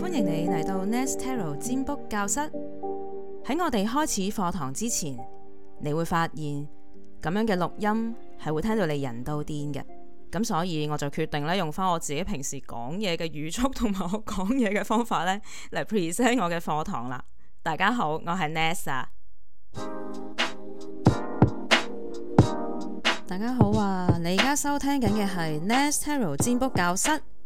歡迎你嚟到 Nestero 占卜教室。喺我哋開始課堂之前，你會發現咁樣嘅錄音係會聽到你人都癲嘅。咁所以我就決定咧用返我自己平時講嘢嘅語速同埋我講嘢嘅方法咧嚟 present 我嘅課堂啦。大家好，我係 Nest、啊、大家好啊！你而家收聽緊嘅係 Nestero 占卜教室。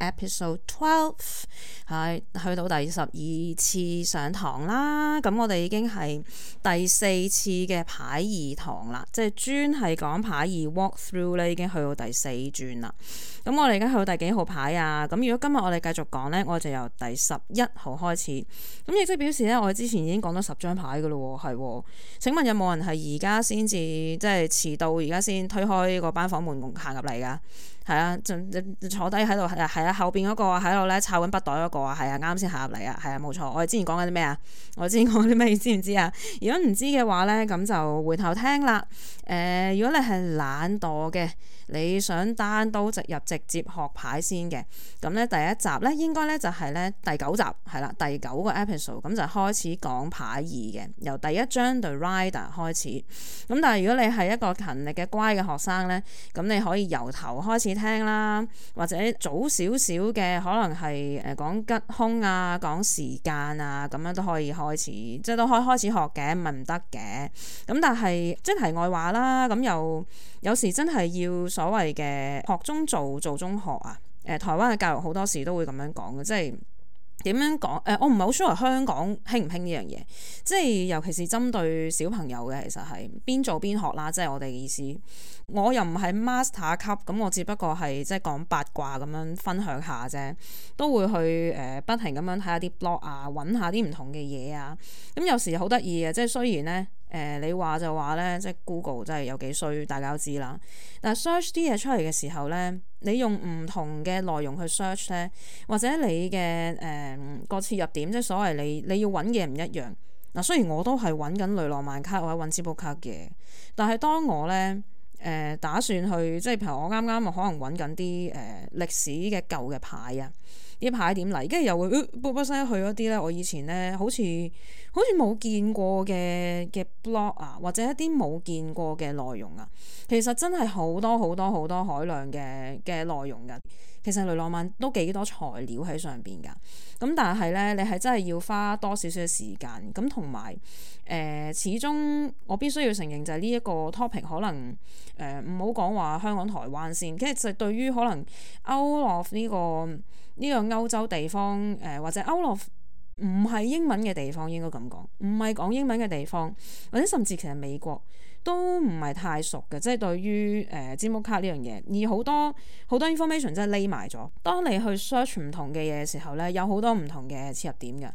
Episode Twelve 係去到第十二次上堂啦，咁我哋已經係第四次嘅牌二堂啦，即係專係講牌二 walk through 咧，已經去到第四轉啦。咁我哋而家去到第幾號牌啊？咁如果今日我哋繼續講呢，我就由第十一號開始。咁亦即係表示咧，我之前已經講咗十張牌㗎咯喎，係。請問有冇人係而家先至即係遲到，而家先推開個班房門行入嚟噶？係啊，就坐低喺度，係啊，後邊嗰個喺度咧，摷緊筆袋嗰個啊，係啊，啱先下入嚟啊，係啊，冇錯，我哋之前講緊啲咩啊？我哋之前講啲咩，知唔知啊？如果唔知嘅話咧，咁就回頭聽啦。誒，如果你係懶惰嘅。你想單刀直入直接學牌先嘅，咁咧第一集咧應該咧就係咧第九集係啦，第九個 episode 咁就開始講牌二嘅，由第一張對 Rider 開始。咁但係如果你係一個勤力嘅乖嘅學生咧，咁你可以由頭開始聽啦，或者早少少嘅可能係誒講吉兇啊，講時間啊，咁樣都可以開始，即係都可以開始學嘅，唔係唔得嘅。咁但係即係題外話啦，咁又。有時真係要所謂嘅學中做，做中學啊！誒、呃，台灣嘅教育好多時都會咁樣講嘅，即係點樣講？誒、呃，我唔係好 sure 香港興唔興呢樣嘢，即係尤其是針對小朋友嘅，其實係邊做邊學啦，即係我哋嘅意思。我又唔係 master 級，咁我只不過係即係講八卦咁樣分享下啫，都會去誒、呃、不停咁樣睇下啲 blog 啊，揾下啲唔同嘅嘢啊，咁有時好得意嘅，即係雖然呢。誒、呃、你話就話咧，即係 Google 真係有幾衰，大家都知啦。但係，search 啲嘢出嚟嘅時候咧，你用唔同嘅內容去 search 咧，或者你嘅誒個切入點，即係所謂你你要揾嘅唔一樣。嗱、呃，雖然我都係揾緊雷諾曼卡或者揾支簿卡嘅，但係當我咧誒、呃、打算去，即係譬如我啱啱可能揾緊啲誒歷史嘅舊嘅牌啊，啲牌點嚟，跟住又會 book、呃、去嗰啲咧，我以前咧好似。好似冇見過嘅嘅 blog 啊，或者一啲冇見過嘅內容啊，其實真係好多好多好多海量嘅嘅內容噶。其實雷浪漫都幾多材料喺上邊噶。咁但係呢，你係真係要花多少少嘅時間咁，同埋誒，始終我必須要承認就係呢一個 topic 可能誒，唔好講話香港台灣先。跟住就對於可能歐羅呢個呢、呢個歐洲地方誒、呃，或者歐羅。唔係英文嘅地方應該咁講，唔係講英文嘅地方，或者甚至其實美國都唔係太熟嘅，即係對於誒詹木卡呢樣嘢，而好多好多 information 真係匿埋咗。當你去 search 唔同嘅嘢嘅時候呢，有好多唔同嘅切入點嘅。誒、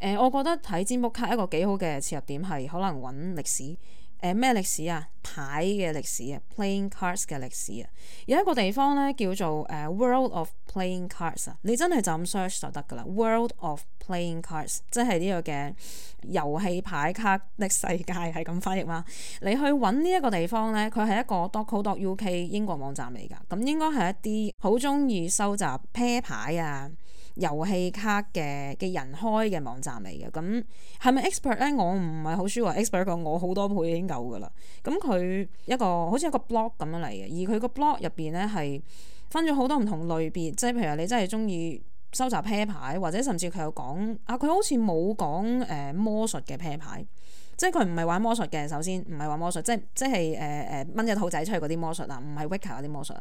呃，我覺得睇詹木卡一個幾好嘅切入點係可能揾歷史。誒咩、呃、歷史啊？牌嘅歷史啊，playing cards 嘅歷史啊，有一個地方咧叫做誒、uh, World of Playing Cards 啊，你真係就咁 search 就得噶啦。World of Playing Cards 即係呢個嘅遊戲牌卡的世界係咁翻譯啦。你去揾呢一個地方咧，佢係一個 .co.uk 英國網站嚟㗎，咁應該係一啲好中意收集啤牌啊、遊戲卡嘅嘅人開嘅網站嚟嘅，咁係咪 expert 咧？我唔係好 sure。expert 過我好多倍已經夠㗎喇。咁佢一個好似一個 blog 咁樣嚟嘅，而佢個 blog 入邊咧係分咗好多唔同類別，即係譬如你真係中意收集啤牌，或者甚至佢有講啊，佢好似冇講誒魔術嘅啤牌。即係佢唔係玩魔術嘅，首先唔係玩魔術，即係即係誒誒掹隻兔仔出去嗰啲魔術啊，唔係 Vicar 嗰啲魔術。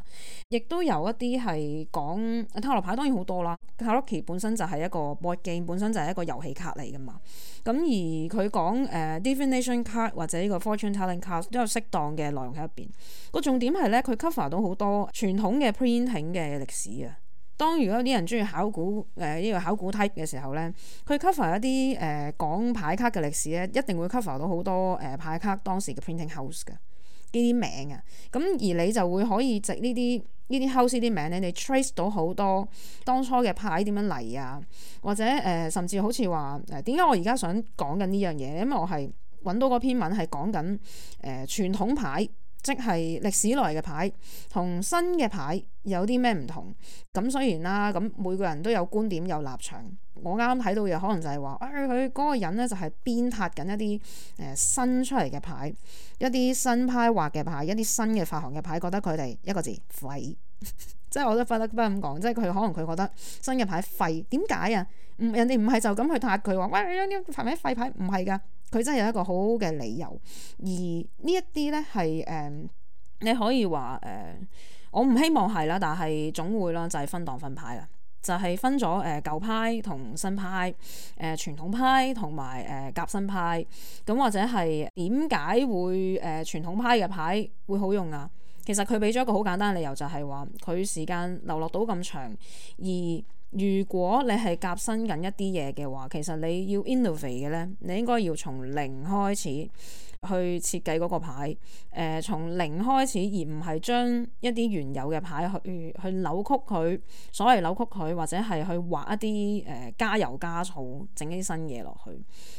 亦都有一啲係講塔羅牌，當然好多啦。塔羅棋本身就係一個 board game，本身就係一個遊戲卡嚟噶嘛。咁而佢講誒、呃、divination card 或者呢個 fortune telling card 都有適當嘅內容喺入邊。個重點係咧，佢 cover 到好多傳統嘅 printing 嘅歷史啊。當如果有啲人中意考古誒呢個考古 type 嘅時候咧，佢 cover 一啲誒、呃、講牌卡嘅歷史咧，一定會 cover 到好多誒、呃、牌卡當時嘅 printing house 嘅呢啲名啊。咁而你就會可以藉呢啲呢啲 house 啲名咧，你 trace 到好多當初嘅牌點樣嚟啊，或者誒、呃、甚至好似話誒，點解我而家想講緊呢樣嘢，因為我係揾到個篇文係講緊誒傳統牌。即係歷史來嘅牌同新嘅牌有啲咩唔同？咁雖然啦。咁每個人都有觀點有立場。我啱啱睇到嘅可能就係話，誒佢嗰個人咧就係鞭撻緊一啲誒、呃、新出嚟嘅牌，一啲新派畫嘅牌，一啲新嘅發行嘅牌，覺得佢哋一個字廢。 即係我都不得不咁講，即係佢可能佢覺得新嘅牌廢，點解啊？唔人哋唔係就咁去撻佢話，喂，呢啲牌廢，廢牌，唔係㗎。佢真係有一個好好嘅理由，而呢一啲呢係誒，嗯、你可以話誒、嗯，我唔希望係啦，但係總會啦，就係、是、分黨分派啦，就係、是、分咗誒、呃、舊派同新派，誒、呃、傳統派同埋誒夾新派，咁、嗯、或者係點解會誒、呃、傳統派嘅牌會好用啊？其實佢俾咗一個好簡單嘅理由，就係話佢時間流落到咁長，而如果你係革新緊一啲嘢嘅話，其實你要 innovate 嘅咧，你應該要從零開始去設計嗰個牌，誒、呃、從零開始，而唔係將一啲原有嘅牌去去扭曲佢，所謂扭曲佢或者係去畫一啲誒、呃、加油加醋，整一啲新嘢落去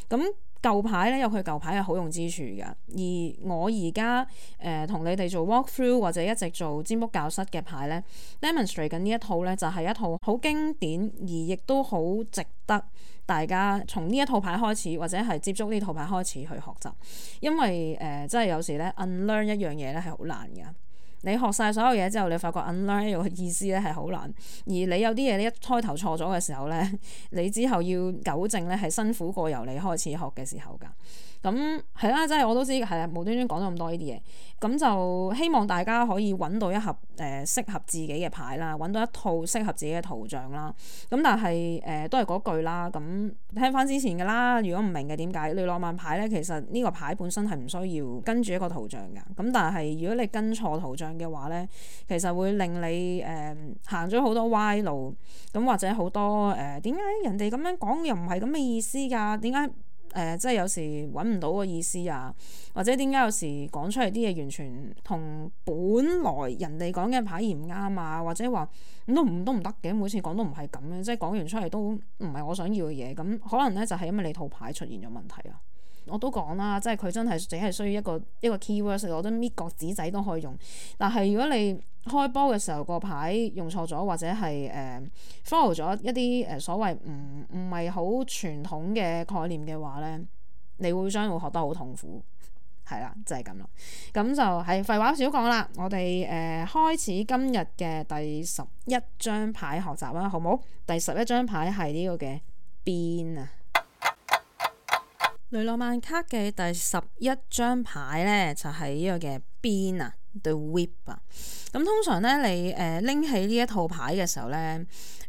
咁。嗯。舊牌咧有佢舊牌嘅好用之處㗎，而我而家誒同你哋做 walkthrough 或者一直做占卜教室嘅牌咧，Demonstrate 緊呢一套咧就係、是、一套好經典而亦都好值得大家從呢一套牌開始或者係接觸呢套牌開始去學習，因為誒、呃、真係有時咧 unlearn 一樣嘢咧係好難㗎。你學晒所有嘢之後，你發覺 unlearn 呢個意思咧係好難。而你有啲嘢你一開頭錯咗嘅時候咧，你之後要糾正咧係辛苦過由你開始學嘅時候㗎。咁係啦，即係、嗯啊、我都知係啊，無端端講咗咁多呢啲嘢，咁、嗯、就希望大家可以揾到一盒誒、呃、適合自己嘅牌啦，揾到一套適合自己嘅圖像啦。咁、嗯、但係誒、呃、都係嗰句啦。咁、嗯、聽翻之前嘅啦，如果唔明嘅點解你浪漫牌呢？其實呢個牌本身係唔需要跟住一個圖像㗎。咁、嗯、但係如果你跟錯圖像嘅話呢，其實會令你誒、呃、行咗好多歪路。咁、嗯，或者好多誒，點解人哋咁樣講又唔係咁嘅意思㗎、啊？點解？誒、呃，即係有時揾唔到個意思啊，或者點解有時講出嚟啲嘢完全同本來人哋講嘅牌唔啱啊，或者話都唔都唔得嘅，每次講都唔係咁樣，即係講完出嚟都唔係我想要嘅嘢，咁可能咧就係因為你套牌出現咗問題啊。我都講啦，即係佢真係淨係需要一個一個 key word，我覺得搣角紙仔都可以用，但係如果你開波嘅時候個牌用錯咗，或者係誒、呃、follow 咗一啲誒、呃、所謂唔唔係好傳統嘅概念嘅話呢，你會將會學得好痛苦，係 啦，就係咁啦。咁就係廢話少講啦，我哋誒、呃、開始今日嘅第十一張牌學習啦，好唔好？第十一張牌係呢個嘅邊啊，雷諾曼卡嘅第十一張牌呢，就係、是、呢個嘅邊啊。The whip 啊，咁通常咧，你誒拎起呢一套牌嘅時候咧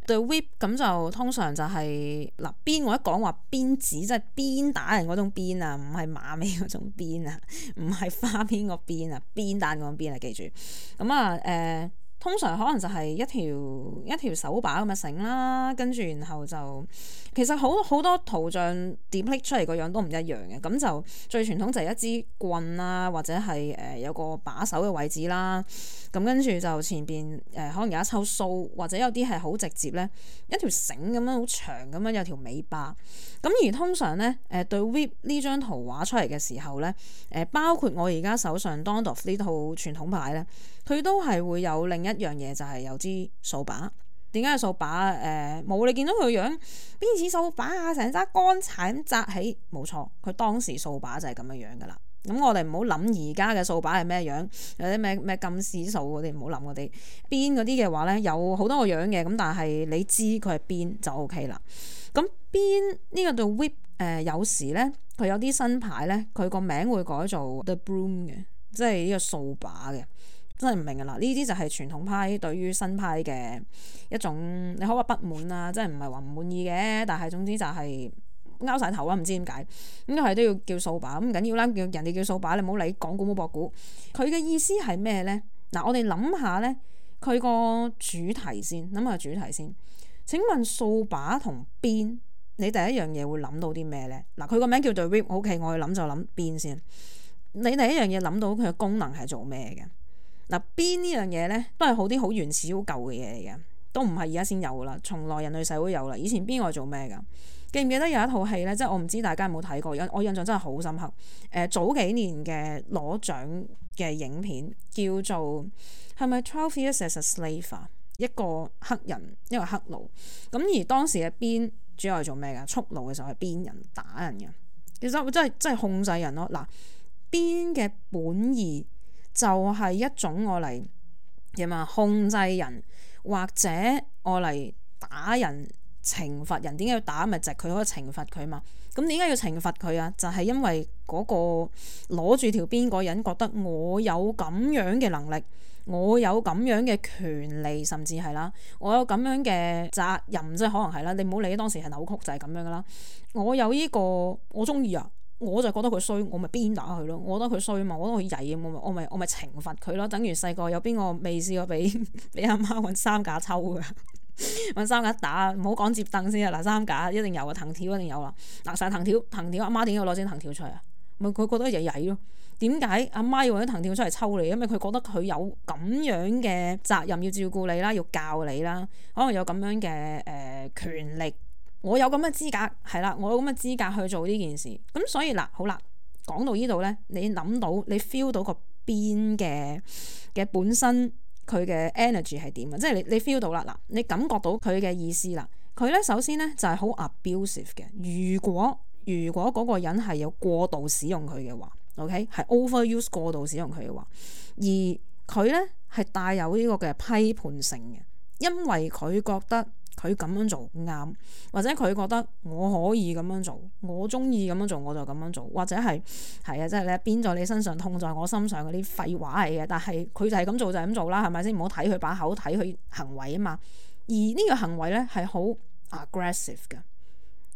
The whip 咁就通常就係嗱鞭我一講話鞭子，即係鞭打人嗰種鞭啊，唔係馬尾嗰種鞭啊，唔係花邊個鞭啊，鞭打人個鞭啊，記住咁啊誒。嗯呃通常可能就係一條一條手把咁嘅繩啦，跟住然後就其實好好多圖像 deplete 出嚟個樣都唔一樣嘅，咁就最傳統就係一支棍啦，或者係誒、呃、有個把手嘅位置啦，咁跟住就前邊誒、呃、可能有一抽鬚，或者有啲係好直接咧一條繩咁樣好長咁樣有條尾巴，咁而通常咧誒對 whip 呢張、呃、圖畫出嚟嘅時候咧，誒、呃、包括我而家手上 Dondorf 呢套傳統牌咧，佢都係會有另一。一樣嘢就係有支掃把，點解有掃把？誒、呃，冇你見到佢嘅樣，邊似掃把啊？成紮乾柴咁紮起，冇錯，佢當時掃把就係咁樣樣噶啦。咁我哋唔好諗而家嘅掃把係咩樣，有啲咩咩禁史掃嗰啲唔好諗嗰啲，邊嗰啲嘅話咧有好多個樣嘅，咁但係你知佢係邊就 OK 啦。咁邊呢個度 whip 誒、呃，有時咧佢有啲新牌咧，佢個名會改做 the broom 嘅，即係呢個掃把嘅。真係唔明㗎啦！呢啲就係傳統派對於新派嘅一種，你可話不，不滿啊，真係唔係話唔滿意嘅，但係總之就係拗晒頭啊！唔知點解咁係都要叫掃把咁，唔緊要啦。人叫人哋叫掃把，你唔好理港股冇博股。佢嘅意思係咩咧？嗱，我哋諗下咧，佢個主題先，諗下主題先。請問掃把同邊，你第一樣嘢會諗到啲咩咧？嗱，佢個名叫做 rib，OK，、OK，我去諗就諗邊先。你第一樣嘢諗到佢嘅功能係做咩嘅？嗱，鞭呢樣嘢呢？都係好啲好原始好舊嘅嘢嚟嘅，都唔係而家先有噶啦，從來人類社會有啦。以前鞭我做咩噶？記唔記得有一套戲呢？即係我唔知大家有冇睇過，印我印象真係好深刻。早幾年嘅攞獎嘅影片叫做係咪《Twelve Years as a Slave》，一個黑人一個黑奴。咁而當時嘅鞭主要係做咩噶？束縛嘅時候係鞭人打人嘅，其實我真係真係控制人咯。嗱，鞭嘅本意。就係一種我嚟，嘢嘛控制人，或者我嚟打人、懲罰人。點解要打咪就係佢可以懲罰佢嘛？咁點解要懲罰佢啊？就係因為嗰個攞住條鞭嗰個人覺得我有咁樣嘅能力，我有咁樣嘅權利，甚至係啦，我有咁樣嘅責任，即係可能係啦。你唔好理當時係扭曲就係咁樣噶啦。我有呢個，我中意啊！我就覺得佢衰，我咪鞭打佢咯？我覺得佢衰嘛，我覺得佢曳，啊。我咪我咪懲罰佢咯。等於細個有邊個未試過俾俾阿媽揾三架抽噶，揾 三架打，唔好講折凳先啊！嗱，三架一定有啊，藤條一定有啦。嗱，晒藤條，藤條，阿媽點解要攞支藤條出嚟？啊？咪佢覺得曳曳咯？點解阿媽要揾藤條出嚟抽你？因為佢覺得佢有咁樣嘅責任要照顧你啦，要教你啦，可能有咁樣嘅誒、呃、權力。我有咁嘅資格，係啦，我有咁嘅資格去做呢件事。咁所以嗱，好啦，講到呢度咧，你諗到，你 feel 到個邊嘅嘅本身佢嘅 energy 係點呀？即係你你 feel 到啦，嗱，你感覺到佢嘅意思啦。佢咧首先咧就係好 abusive 嘅。如果如果嗰個人係有過度使用佢嘅話，OK，係 overuse 過度使用佢嘅話，而佢咧係帶有呢個嘅批判性嘅，因為佢覺得。.佢咁樣做啱，或者佢覺得我可以咁樣做，我中意咁樣做我就咁樣做，或者係係啊，即係咧，就是，邊在你身上痛在我心上嗰啲廢話嚟嘅，但係佢就係咁做就係咁做啦，係咪先？唔好睇佢把口，睇佢行為啊嘛。而呢個行為咧係好 aggressive 嘅，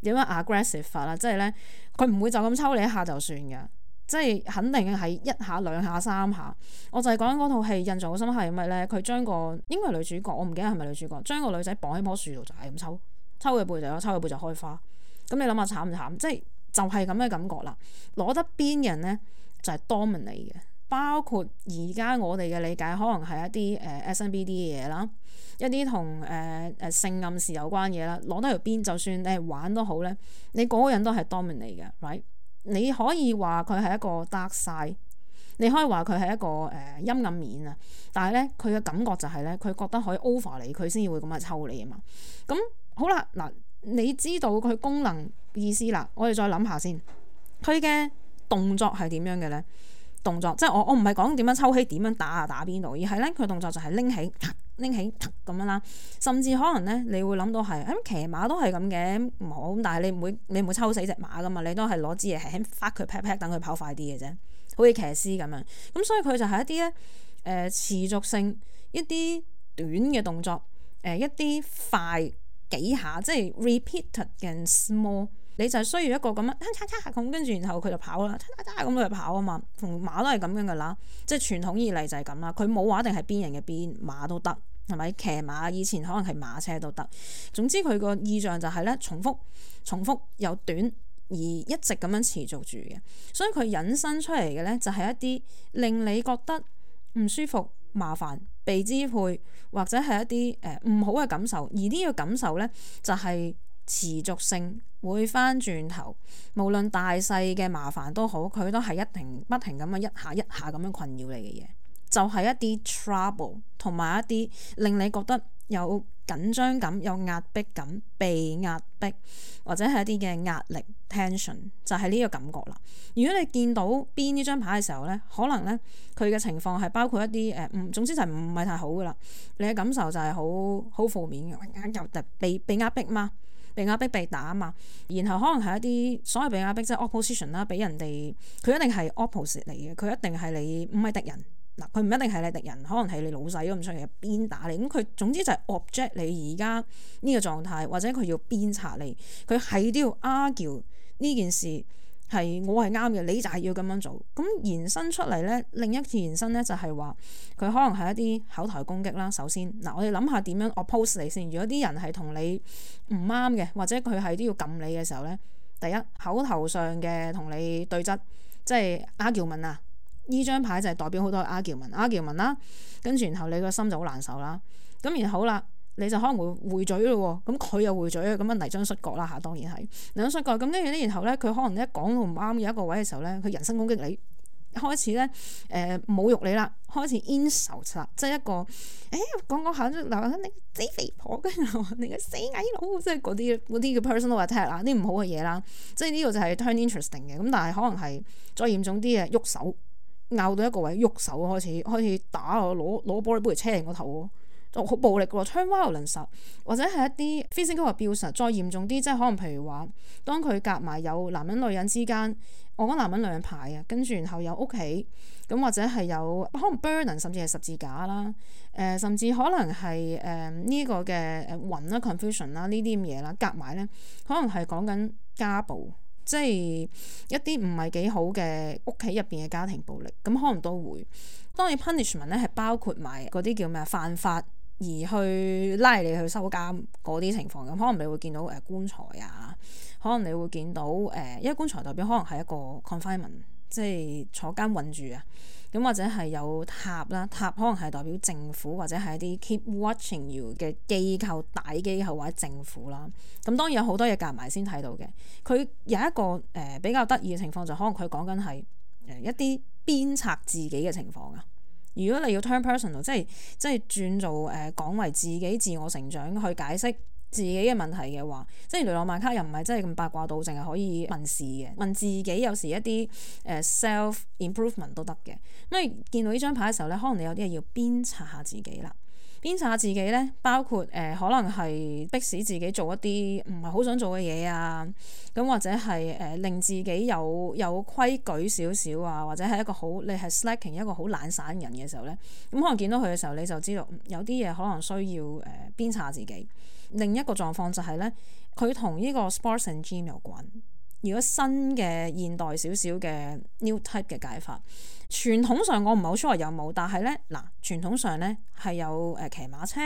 點樣 aggressive 法啦？即係咧，佢唔會就咁抽你一下就算嘅。即係肯定係一下兩下三下，我就係講緊嗰套戲，印象好深刻係咩咧？佢將個應該係女主角，我唔記得係咪女主角，將個女仔綁喺棵樹度，就係咁抽抽佢背就有，抽佢背就開花。咁你諗下慘唔慘？即係就係咁嘅感覺啦。攞得邊人咧就係、是、dominant 嘅，包括而家我哋嘅理解可能係一啲誒 S n d B D 嘅嘢啦，一啲同誒誒性暗示有關嘅嘢啦。攞得條邊就算你玩都好咧，你嗰個人都係 dominant 嘅，right？你可以話佢係一個 dark side，你可以話佢係一個誒、呃、陰暗面啊！但係咧，佢嘅感覺就係咧，佢覺得可以 over 你，佢先至會咁樣抽你啊嘛！咁好啦，嗱，你知道佢功能意思啦，我哋再諗下先，佢嘅動作係點樣嘅咧？動作即係我我唔係講點樣抽起，點樣打啊打邊度，而係咧佢動作就係拎起。拎起咁樣啦，甚至可能咧，你會諗到係咁騎馬都係咁嘅，唔好咁，但係你唔會你唔會抽死隻馬噶嘛，你都係攞支嘢係喺發佢 pat pat 等佢跑快啲嘅啫，好似騎師咁樣，咁所以佢就係一啲咧，誒持續性一啲短嘅動作，誒、呃、一啲快幾下，即係 repeated 嘅 small。你就需要一個咁樣，咁跟住然後佢就跑啦，咁佢就跑啊嘛。同馬都係咁樣噶啦，即係傳統以嚟就係咁啦。佢冇話定係邊人嘅邊馬都得，係咪？騎馬以前可能係馬車都得。總之佢個意象就係咧，重複、重複又短而一直咁樣持續住嘅。所以佢引申出嚟嘅咧，就係一啲令你覺得唔舒服、麻煩、被支配或者係一啲誒唔好嘅感受。而呢個感受咧，就係、是。持續性會翻轉頭，無論大細嘅麻煩都好，佢都係一停不停咁樣一下一下咁樣困擾你嘅嘢，就係一啲 trouble 同埋一啲令你覺得有緊張感、有壓迫感、被壓迫，或者係一啲嘅壓力 tension，就係呢個感覺啦。如果你見到邊呢張牌嘅時候呢，可能呢，佢嘅情況係包括一啲誒唔總之就係唔係太好噶啦。你嘅感受就係好好負面嘅，又就被被壓迫嘛。被壓迫被打啊嘛，然後可能係一啲所謂被壓迫即係、就是、opposition 啦，俾人哋佢一定係 opposite 嚟嘅，佢一定係你唔係敵人嗱，佢唔一定係你敵人，可能係你老細咁出嚟鞭打你，咁佢總之就係 object 你而家呢個狀態，或者佢要鞭策你，佢係都要 argue 呢件事。係我係啱嘅，你就係要咁樣做。咁延伸出嚟呢，另一次延伸呢，就係話佢可能係一啲口頭攻擊啦。首先嗱，啊，我哋諗下點樣 oppose 你先。如果啲人係同你唔啱嘅，或者佢係都要撳你嘅時候呢，第一口頭上嘅同你對質，即係 argument 啊，呢張牌就係代表好多 argument argument 啦，跟住然後你個心就好難受啦。咁然好啦。你就可能會回嘴咯喎，咁佢又回嘴，咁樣泥漿摔角啦嚇，當然係泥漿摔角。咁跟住咧，然後咧，佢可能一講到唔啱有一個位嘅時候咧，佢人身攻擊你，開始咧誒、呃、侮辱你啦，開始 insult 啦，即係一個誒講講下都嗱你死肥婆，跟住你個死矮佬，即係嗰啲嗰啲嘅 personal attack 啦，啲唔好嘅嘢啦。即係呢個就係 turn interesting 嘅，咁但係可能係再嚴重啲嘅喐手，拗到一個位喐手開始開始打我，攞攞玻璃杯嚟車人個頭。好、哦、暴力㗎喎，槍挖又凌實，或者係一啲 physical abuse，再嚴重啲，即係可能譬如話，當佢夾埋有男人女人之間，我講男人女人牌啊，跟住然後有屋企咁，或者係有可能 burden 甚至係十字架啦，誒、呃，甚至可能係誒、呃這個呃、呢個嘅雲啦 confusion 啦呢啲咁嘢啦，夾埋咧，可能係講緊家暴，即係一啲唔係幾好嘅屋企入邊嘅家庭暴力，咁可能都會。當然 punishment 咧係包括埋嗰啲叫咩犯法。而去拉你去收監嗰啲情況，咁可能你會見到誒棺材啊，可能你會見到誒、呃呃，因為棺材代表可能係一個 confinement，即係坐監困住啊，咁或者係有塔啦，塔可能係代表政府或者係一啲 keep watching you 嘅機構、大機構或者政府啦。咁當然有好多嘢夾埋先睇到嘅。佢有一個誒、呃、比較得意嘅情況就可能佢講緊係誒一啲鞭策自己嘅情況啊。如果你要 turn personal，即係即係轉做誒講、呃、為自己自我成長去解釋自己嘅問題嘅話，即係雷諾曼卡又唔係真係咁八卦到，淨係可以問事嘅，問自己有時一啲誒 self improvement 都得嘅。咁你見到呢張牌嘅時候咧，可能你有啲嘢要鞭策下自己啦。鞭策下自己咧，包括誒、呃、可能係迫使自己做一啲唔係好想做嘅嘢啊，咁或者係誒、呃、令自己有有規矩少少啊，或者係一個好你係 slacking 一個好懶散人嘅時候咧，咁、呃、可能見到佢嘅時候你就知道有啲嘢可能需要誒鞭策下自己。另一個狀況就係咧，佢同呢個 sports and gym 有關。如果新嘅現代少少嘅 new type 嘅解法，傳統上我唔係好 sure 有冇，但係呢，嗱，傳統上呢係有誒騎馬車，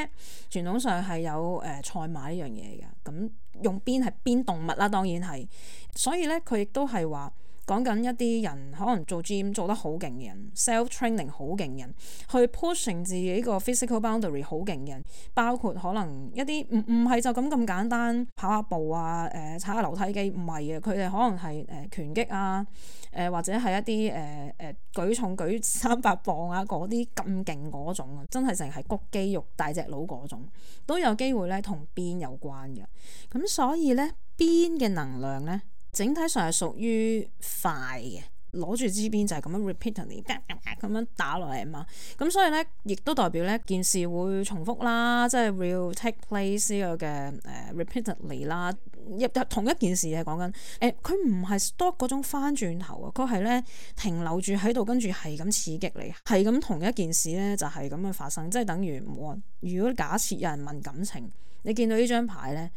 傳統上係有誒、呃、賽馬呢樣嘢嘅。咁用鞭係鞭動物啦，當然係，所以呢，佢亦都係話。講緊一啲人，可能做 gym 做得好勁嘅人，self training 好勁人，去 pushing 自己個 physical boundary 好勁人，包括可能一啲唔唔係就咁咁簡單跑下步啊，誒、呃、踩下樓梯機，唔係嘅，佢哋可能係誒、呃、拳擊啊，誒、呃、或者係一啲誒誒舉重舉三百磅啊嗰啲咁勁嗰種啊，真係淨係谷肌肉大隻佬嗰種，都有機會咧同邊有關嘅。咁所以咧，邊嘅能量咧？整體上係屬於快嘅，攞住支鞭就係咁樣 repeatedly 咁、呃呃、樣打落嚟啊嘛，咁所以咧，亦都代表咧件事會重複啦，即係 will take place 嘅嘅誒、呃、repeatedly 啦，亦同一件事係講緊誒，佢唔係 stop 嗰種翻轉頭啊，佢係咧停留住喺度，跟住係咁刺激你，係咁同一件事咧就係咁樣發生，即係等於如果假設有人問感情，你見到呢張牌咧。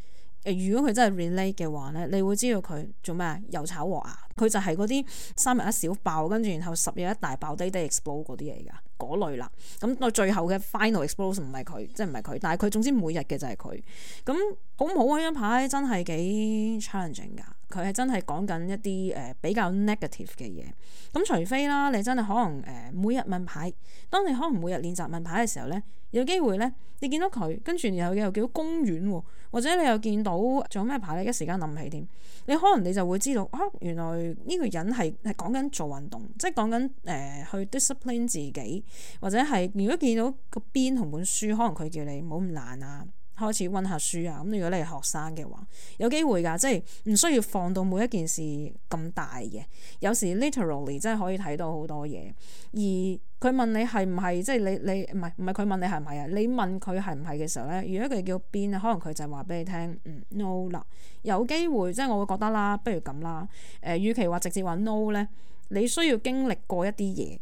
如果佢真係 relate 嘅話呢，你會知道佢做咩？又炒鑊啊！佢就係嗰啲三日一小爆，跟住然後十日一大爆，day day explode 嗰啲嚟㗎，嗰類啦。咁到最後嘅 final explosion 唔係佢，即係唔係佢，但係佢總之每日嘅就係佢。咁好唔好啊？一排真係幾 challenging 㗎。佢係真係講緊一啲誒、呃、比較 negative 嘅嘢，咁除非啦，你真係可能誒、呃、每日問牌，當你可能每日練習問牌嘅時候呢，有機會呢，你見到佢跟住然後又見到公園，或者你又見到仲有咩牌咧，一時間諗唔起添。你可能你就會知道啊、哦，原來呢個人係係講緊做運動，即係講緊誒、呃、去 discipline 自己，或者係如果見到個邊同本書，可能佢叫你唔好咁懶啊。開始溫下書啊！咁如果你係學生嘅話，有機會㗎，即係唔需要放到每一件事咁大嘅。有時 literally 真係可以睇到好多嘢。而佢問你係唔係，即係你你唔係唔係佢問你係唔係啊？你問佢係唔係嘅時候咧，如果佢叫邊，可能佢就係話俾你聽，嗯 no 啦。有機會即係我會覺得啦，不如咁啦。誒，與其話直接話 no 咧，你需要經歷過一啲嘢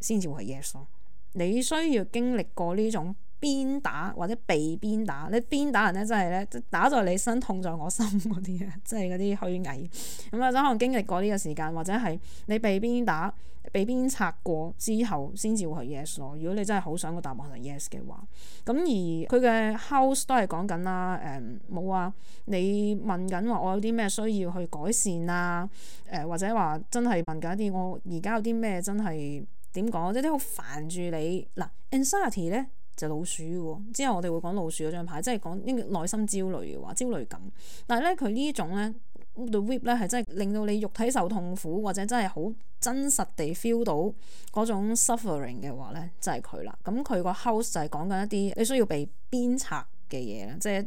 先至會係 yes 咯。你需要經歷過呢種。鞭打或者被鞭打，你鞭打人咧，真係咧，打在你身，痛在我心嗰啲啊， 真係嗰啲虛偽咁啊。都、嗯、可能經歷過呢個時間，或者係你被鞭打、被鞭策過之後，先至會去 yes 咯。如果你真係好想個答案係 yes 嘅話，咁而佢嘅 house 都係講緊啦，誒、嗯、冇啊，你問緊話我有啲咩需要去改善啊？誒、呃、或者話真係問緊一啲我而家有啲咩真係點講，即係啲好煩住你嗱 anxiety 咧。啊就老鼠喎，之後我哋會講老鼠嗰張牌，即係講呢個內心焦慮嘅話，焦慮感。但係咧，佢呢種咧，The Whip 咧係真係令到你肉體受痛苦，或者真係好真實地 feel 到嗰種 suffering 嘅話咧，就係佢啦。咁佢個 house 就係講緊一啲你需要被鞭策嘅嘢啦，即係一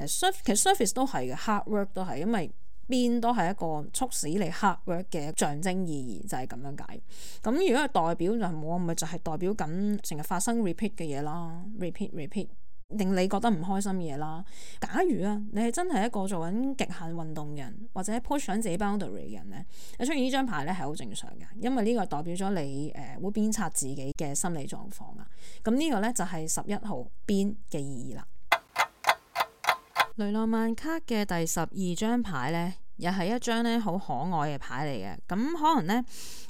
啲誒 surface，其實 surface 都係嘅，hard work 都係，因為。邊都係一個促使你 hard work 嘅象徵意義，就係咁樣解。咁如果係代表就冇啊，咪就係代表緊成日發生 repeat 嘅嘢啦，repeat repeat，令你覺得唔開心嘅嘢啦。假如啊，你係真係一個做緊極限運動人，或者 push 上自己嘅 boundary 嘅人咧，你出現呢張牌咧係好正常嘅，因為呢個代表咗你誒會鞭策自己嘅心理狀況啊。咁呢個咧就係十一號邊嘅意義啦。雷諾曼卡嘅第十二張牌呢，又係一張咧好可愛嘅牌嚟嘅。咁可能呢，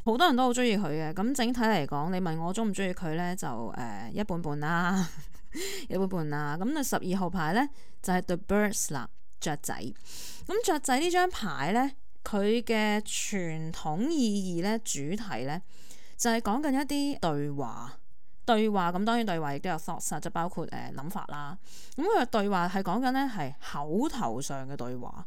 好多人都好中意佢嘅。咁整體嚟講，你問我中唔中意佢呢？就誒、呃、一半半啦， 一半半啦。咁第十二號牌呢，就係、是、The Birds 啦，雀仔。咁雀仔呢張牌呢，佢嘅傳統意義呢，主題呢，就係講緊一啲對話。對話咁當然對話亦都有 thoughts 即包括誒諗、呃、法啦。咁佢嘅對話係講緊咧係口頭上嘅對話。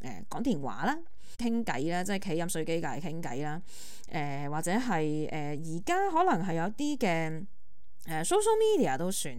誒、呃、講電話啦，傾偈啦，即係企飲水機界傾偈啦。誒、呃、或者係誒而家可能係有啲嘅誒 social media 都算。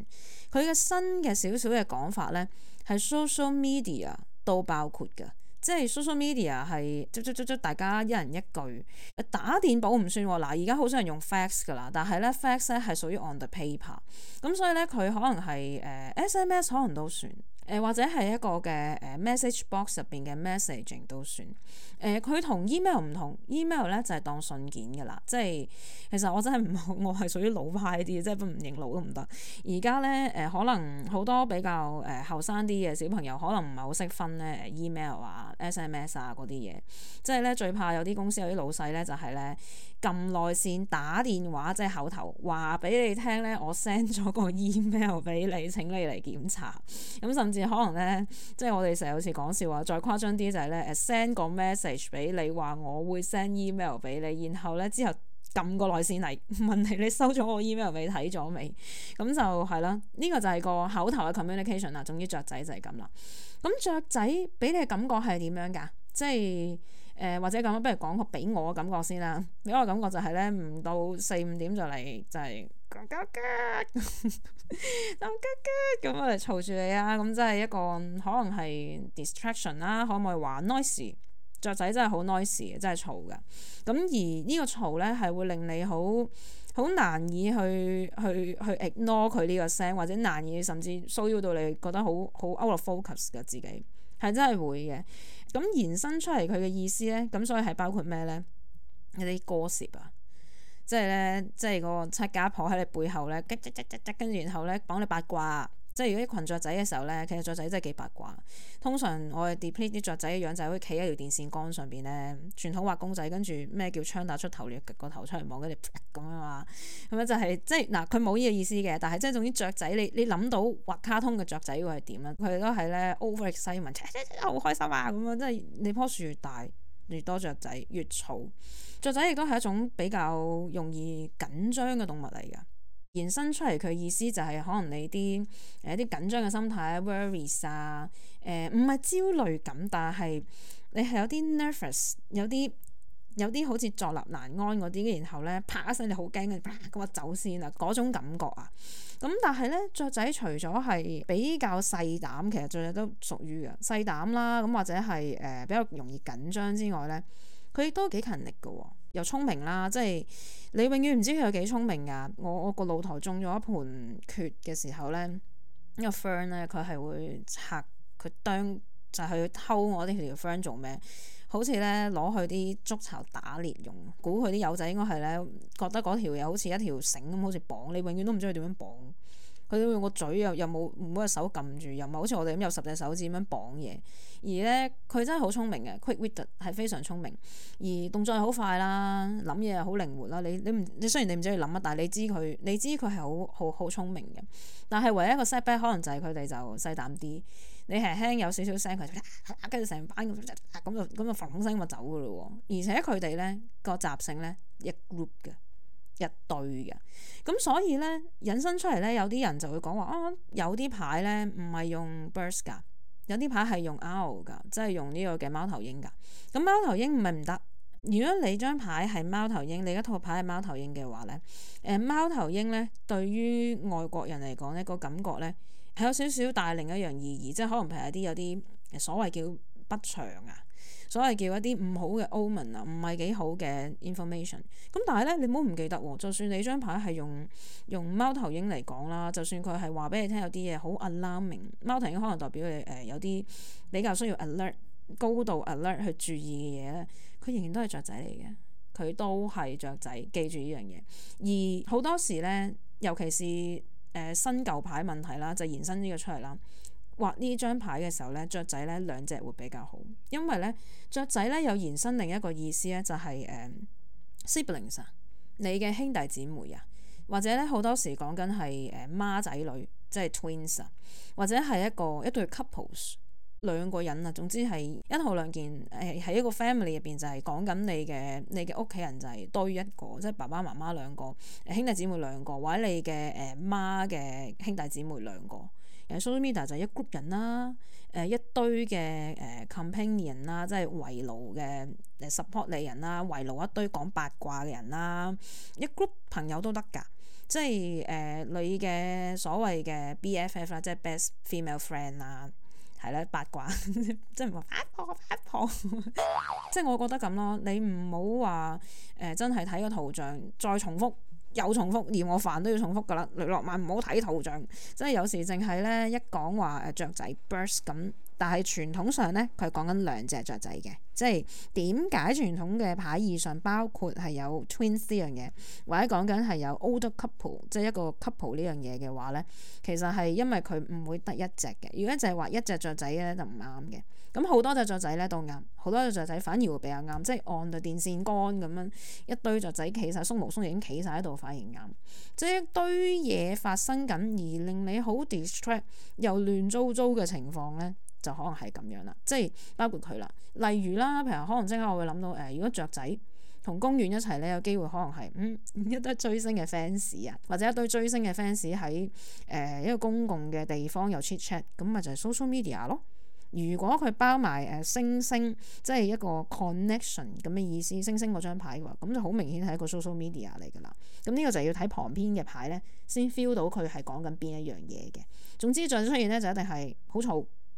佢嘅新嘅少少嘅講法咧，係 social media 都包括嘅。即係 social media 係「即即即即大家一人一句」。呃、打電報唔算喎，嗱而家好少人用 fax 噶啦，但係咧 fax 咧係屬於 on the paper。咁所以咧佢可能係誒、呃、sms 可能都算。誒或者係一個嘅誒、呃、message box 入邊嘅 messaging 都算，誒、呃、佢 em 同 email 唔同，email 咧就係、是、當信件噶啦，即係其實我真係唔好。我係屬於老派啲，即係都唔認老都唔得。而家咧誒可能好多比較誒後生啲嘅小朋友可能唔係好識分咧，email 啊 SMS 啊嗰啲嘢，即係咧最怕有啲公司有啲老細咧就係咧撳內線打電話即係口頭話俾你聽咧，我 send 咗個 email 俾你，請你嚟檢查，咁、嗯、甚。可能咧，即係我哋成日好似講笑話，再誇張啲就係咧，send 個 message 俾你話我會 send email 俾你，然後咧之後撳個內線嚟問你你收咗我 email 俾你睇咗未？咁就係啦，呢個就係個口頭嘅 communication 啦。總之雀仔就係咁啦。咁雀仔俾你嘅感覺係點樣噶？即係。誒、呃、或者咁樣，不如講個俾我嘅感覺先啦。俾 我嘅感覺就係、是、咧，唔到四五點就嚟就係咁噉噉噉噉我嚟嘈住你啊！咁真係一個可能係 distraction 啦，可唔可以話 noise？雀仔真係好 noise，真係嘈噶。咁而呢個嘈咧係會令你好好難以去去去 ignore 佢呢個聲，或者難以甚至騷擾到你覺得好好 out of focus 嘅自己。係真係會嘅，咁延伸出嚟佢嘅意思咧，咁所以係包括咩咧？一啲干涉啊，即係咧，即係個七家婆喺你背後咧，跟跟跟跟跟住，然後咧講你八卦。即係如果一群雀仔嘅時候咧，其實雀仔真係幾八卦。通常我哋 display 啲雀仔嘅樣就係會企喺條電線杆上邊咧，傳統畫公仔，跟住咩叫槍打出頭，你掘個頭出嚟望，跟住咁樣嘛。咁樣就係、是、即係嗱，佢冇呢個意思嘅。但係即係總之雀仔，你你諗到畫卡通嘅雀仔會係點咧？佢都係咧 over excitement 好開心啊，咁樣即係。你樖樹越大，越多雀仔，越嘈。雀仔亦都係一種比較容易緊張嘅動物嚟噶。延伸出嚟佢意思就係可能你啲誒，一啲緊張嘅心態啊 worries 啊誒唔係焦慮感，但係你係有啲 nervous，有啲有啲好似坐立難安嗰啲，然後咧啪一聲你好驚，咁、呃、我走先啦，啊、嗰種感覺啊。咁但係咧雀仔除咗係比較細膽，其實雀仔都屬於嘅細膽啦。咁或者係誒、呃、比較容易緊張之外咧，佢亦都幾勤力嘅，哦。又聰明啦，即係你永遠唔知佢有幾聰明噶。我我個露台種咗一盆蕨嘅時候咧，那個、呢個 friend 咧佢係會拆佢當就係、去偷我啲條 friend 做咩？好似咧攞佢啲竹巢打獵用。估佢啲友仔應該係咧覺得嗰條嘢，好似一條繩咁，好似綁你永遠綁，永遠都唔知佢點樣綁。佢會用個嘴又又冇唔冇隻手撳住，又唔係好似我哋咁有十隻手指咁樣綁嘢。而咧佢真係好聰明嘅，quick wit 係非常聰明，而動作又好快啦，諗嘢又好靈活啦。你你唔你雖然你唔知佢諗乜，但係你知佢你知佢係好好好聰明嘅。但係唯一,一個 Setback 可能就係佢哋就細膽啲。你輕輕有少少聲，佢就跟住成班咁就咁就嘭嘭聲咁就走㗎啦喎。而且佢哋咧個習性咧一 group 嘅。一堆嘅，咁所以咧引申出嚟咧，有啲人就會講話啊，有啲牌咧唔係用 Burst 噶，有啲牌係用 Owl 噶，即係用呢個嘅貓頭鷹噶。咁貓頭鷹唔係唔得，如果你張牌係貓頭鷹，你一套牌係貓頭鷹嘅話咧，誒貓頭鷹咧對於外國人嚟講咧個感覺咧係有少少帶另一樣意義，即係可能係有啲有啲所謂叫不祥啊。所謂叫一啲唔好嘅 omen 啊，唔係幾好嘅 information。咁但係咧，你唔好唔記得喎。就算你張牌係用用貓頭鷹嚟講啦，就算佢係話俾你聽有啲嘢好 alarming，貓頭鷹可能代表你誒、呃、有啲比較需要 alert、高度 alert 去注意嘅嘢咧。佢仍然都係雀仔嚟嘅，佢都係雀仔。記住呢樣嘢。而好多時咧，尤其是誒、呃、新舊牌問題啦，就延伸呢個出嚟啦。畫呢張牌嘅時候咧，雀仔咧兩隻會比較好，因為咧雀仔咧有延伸另一個意思咧，就係、是、誒、uh, siblings 啊，你嘅兄弟姊妹啊，或者咧好多時講緊係誒孖仔女，即係 twins 啊，或者係一個一對 couples 兩個人啊，總之係一號兩件誒喺一個 family 入邊就係講緊你嘅你嘅屋企人就係多於一個，即係爸爸媽媽兩個、兄弟姊妹兩個，或者你嘅誒孖嘅兄弟姊妹兩個。誒 social media 就一 group 人啦，誒一堆嘅誒 companion 啦，即係圍爐嘅誒 support 你人啦、呃，圍爐一堆講八卦嘅人啦，一 group 朋友都得㗎，即係誒你嘅所謂嘅 bff 啦，即係 best female friend 啦，係啦，八卦，呵呵即係話八婆八婆，八婆八婆呵呵即係我覺得咁咯，你唔好話誒真係睇個圖像再重複。又重複，嫌我煩都要重複噶啦！雷諾曼唔好睇圖像，即係有時淨係呢一講話誒雀仔 burst 咁。呃但係傳統上咧，佢講緊兩隻雀仔嘅，即係點解傳統嘅牌義上包括係有 twins 呢樣嘢，或者講緊係有 older couple，即係一個 couple 呢樣嘢嘅話咧，其實係因為佢唔會得一隻嘅。如果淨係話一隻雀仔咧，就唔啱嘅。咁好多隻雀仔咧都啱，好多隻雀仔反而會比較啱，即係按到電線杆咁樣一堆雀仔企晒，鬆毛鬆翼企晒喺度，反而啱。即係一堆嘢發生緊而令你好 distract 又亂糟糟嘅情況咧。就可能係咁樣啦，即係包括佢啦。例如啦，譬如可能即刻我會諗到，誒、呃，如果雀仔同公園一齊咧，有機會可能係嗯，嗯一堆追星嘅 fans 啊，或者一堆追星嘅 fans 喺誒一個公共嘅地方有 ch chat chat，咁咪就係 social media 咯。如果佢包埋誒、呃、星星，即係一個 connection 咁嘅意思，星星嗰張牌嘅話，咁就好明顯係一個 social media 嚟噶啦。咁呢個就要睇旁邊嘅牌咧，先 feel 到佢係講緊邊一樣嘢嘅。總之再出現咧，就一定係好嘈。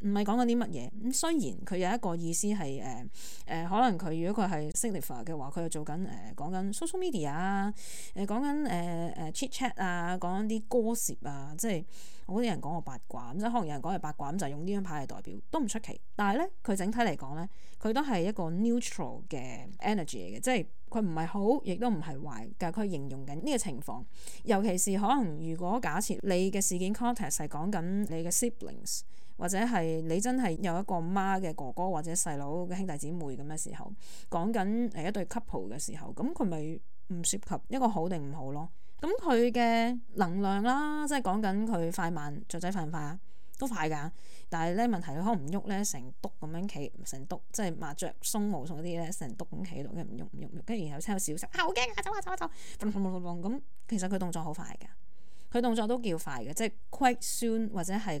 唔係講緊啲乜嘢咁。雖然佢有一個意思係誒誒，可能佢如果佢係 signifier 嘅話，佢又做緊誒、呃、講緊 social media 啊，誒講緊誒誒、呃、chit chat 啊，講緊啲 gossip 啊，即係我啲人講我八卦咁，即係可能有人講我八卦咁，就用呢張牌嚟代表都唔出奇。但係咧，佢整體嚟講咧，佢都係一個 neutral 嘅 energy 嚟嘅，即係佢唔係好，亦都唔係壞，但係佢形容緊呢個情況。尤其是可能如果假設你嘅事件 context 係講緊你嘅 siblings，或者係你真係有一個媽嘅哥哥或者細佬嘅兄弟姊妹咁嘅時候，講緊誒一對 couple 嘅時候，咁佢咪唔涉及一個好定唔好咯？咁佢嘅能量啦，即係講緊佢快慢雀仔快唔快啊？都快㗎，但係咧問題佢可能唔喐咧，成篤咁樣企，成篤即係麻雀鬆毛鬆啲咧，成篤咁企喺度，一唔喐唔喐跟住然後差少少，好驚啊！走啊走啊走，咁其實佢動作好快㗎，佢動作都叫快嘅，即係 quick soon 或者係。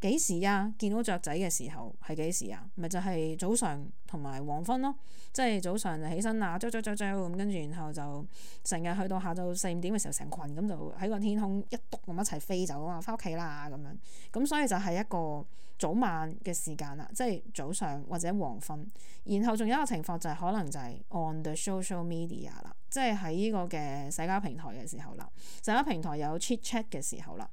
幾時啊？見到雀仔嘅時候係幾時啊？咪就係早上同埋黃昏咯，即係早上就起身啦，啾啾啾啾咁，跟住然後就成日去到下晝四五點嘅時候，成群咁就喺個天空一篤咁一齊飛走啊，翻屋企啦咁樣。咁、嗯、所以就係一個早晚嘅時間啦，即係早上或者黃昏。然後仲有一個情況就係、是、可能就係 on the social media 啦，即係喺呢個嘅社交平台嘅時候啦，社交平台有 ch chat chat 嘅時候啦。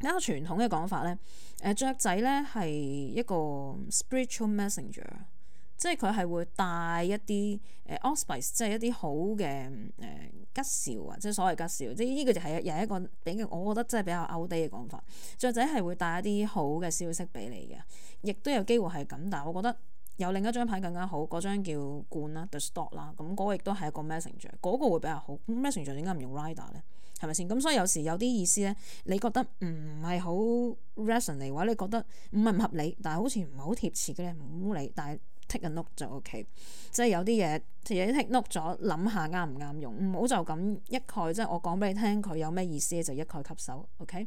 一個傳統嘅講法咧，誒、呃、雀仔咧係一個 spiritual messenger，即係佢係會帶一啲誒 auspice 即係一啲好嘅誒吉兆啊，即係所謂吉兆。即係呢個就係又係一個俾我我覺得真係比較 outdated 嘅講法。雀仔係會帶一啲好嘅消息俾你嘅，亦都有機會係咁。但係我覺得有另一張牌更加好，嗰張叫罐啦，the stock 啦。咁嗰個亦都係一個 messenger，嗰個會比較好。messenger 點解唔用 rider 咧？係咪先咁？所以有時有啲意思咧，你覺得唔係好 rational 嚟嘅話，嗯、ate, 你覺得唔係唔合理，但係好似唔係好貼切嘅咧，唔好理。但係 take a look 就 O K，即係有啲嘢，有啲 take look 咗，諗下啱唔啱用，唔好就咁一概。即係我講俾你聽，佢有咩意思咧，就一概吸收。O K，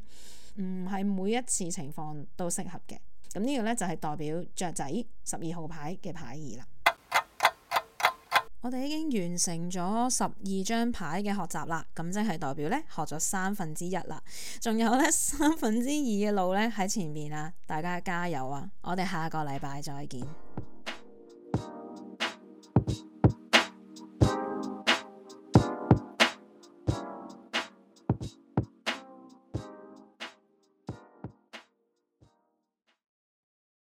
唔係每一次情況都適合嘅。咁呢個咧就係、是、代表雀仔十二號牌嘅牌意啦。我哋已經完成咗十二張牌嘅學習啦，咁即係代表呢學咗三分之一啦，仲有呢三分之二嘅路呢喺前面啊！大家加油啊！我哋下個禮拜再見。